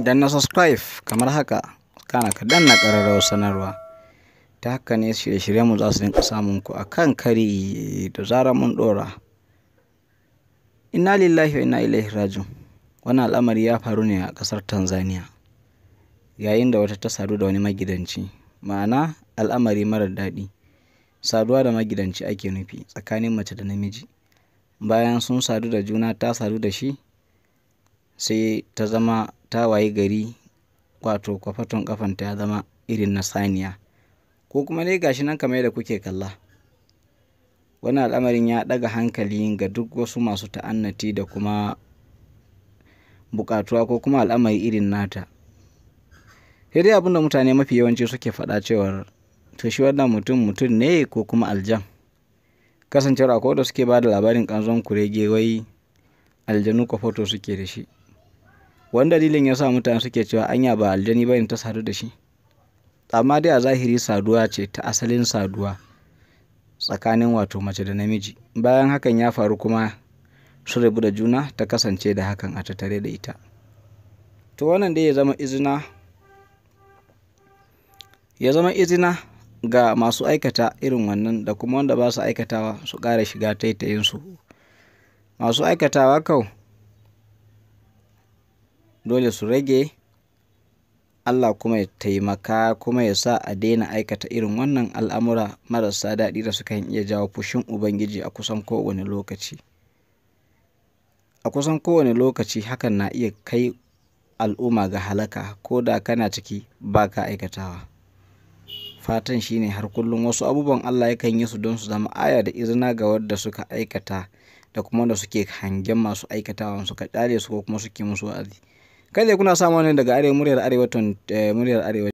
Dan na subscribe kamar haka kana ka danna ƙararrawar sanarwa ta haka ne shirye-shiryenmu za su yi samun ku a kan kari da zarar mun ɗora inna lillahi wa inna ilaihi rajiun wannan al'amari ya faru ne a ƙasar tanzania yayin da wata ta sadu da wani magidanci ma'ana al'amari marar daɗi saduwa da magidanci ake nufi tsakanin mace da namiji bayan sun sadu da juna ta sadu da shi sai ta zama ta wayi gari wato kwafaton ƙafanta ya zama irin na saniya ko kuma dai gashi nan kamar yadda kuke kalla Wani al'amarin ya daga hankali ga duk wasu masu ta'annati da kuma buƙatuwa ko kuma al'amari irin nata sai dai abinda mutane mafi yawanci suke faɗa cewar to shi wannan mutum mutum ne ko kuma aljan kasancewar akwai da suke ba da labarin ƙanzon kurege wai aljanu kwafoto suke da shi wani dalilin ya sa mutane suke cewa anya ba aljani ba ta sadu da shi amma dai a zahiri saduwa ce ta asalin saduwa tsakanin wato mace da namiji bayan hakan ya faru kuma su rabu da juna ta kasance da hakan a tattare da ita to wannan dai ya zama izina ya zama izina ga masu aikata irin wannan da kuma wanda ba su aikatawa su ƙara shiga taitayinsu masu aikatawa kau dole su rage Allah kuma ya taimaka kuma ya sa a daina aikata irin wannan al'amura marasa daɗi da sukan iya jawo fushin Ubangiji a kusan kowane lokaci. A kusan kowane lokaci hakan na iya kai al'umma ga halaka ko da kana ciki ba ka aikatawa. Fatan shi ne har kullum wasu abubuwan Allah yakan yi su don su zama aya da izina ga wadda suka aikata da kuma da suke hangen masu aikatawan suka ƙyale su ko kuma suke musu wa'azi. Kai dai kuna samu ne daga muryar Arewa muryar Arewa. Eh,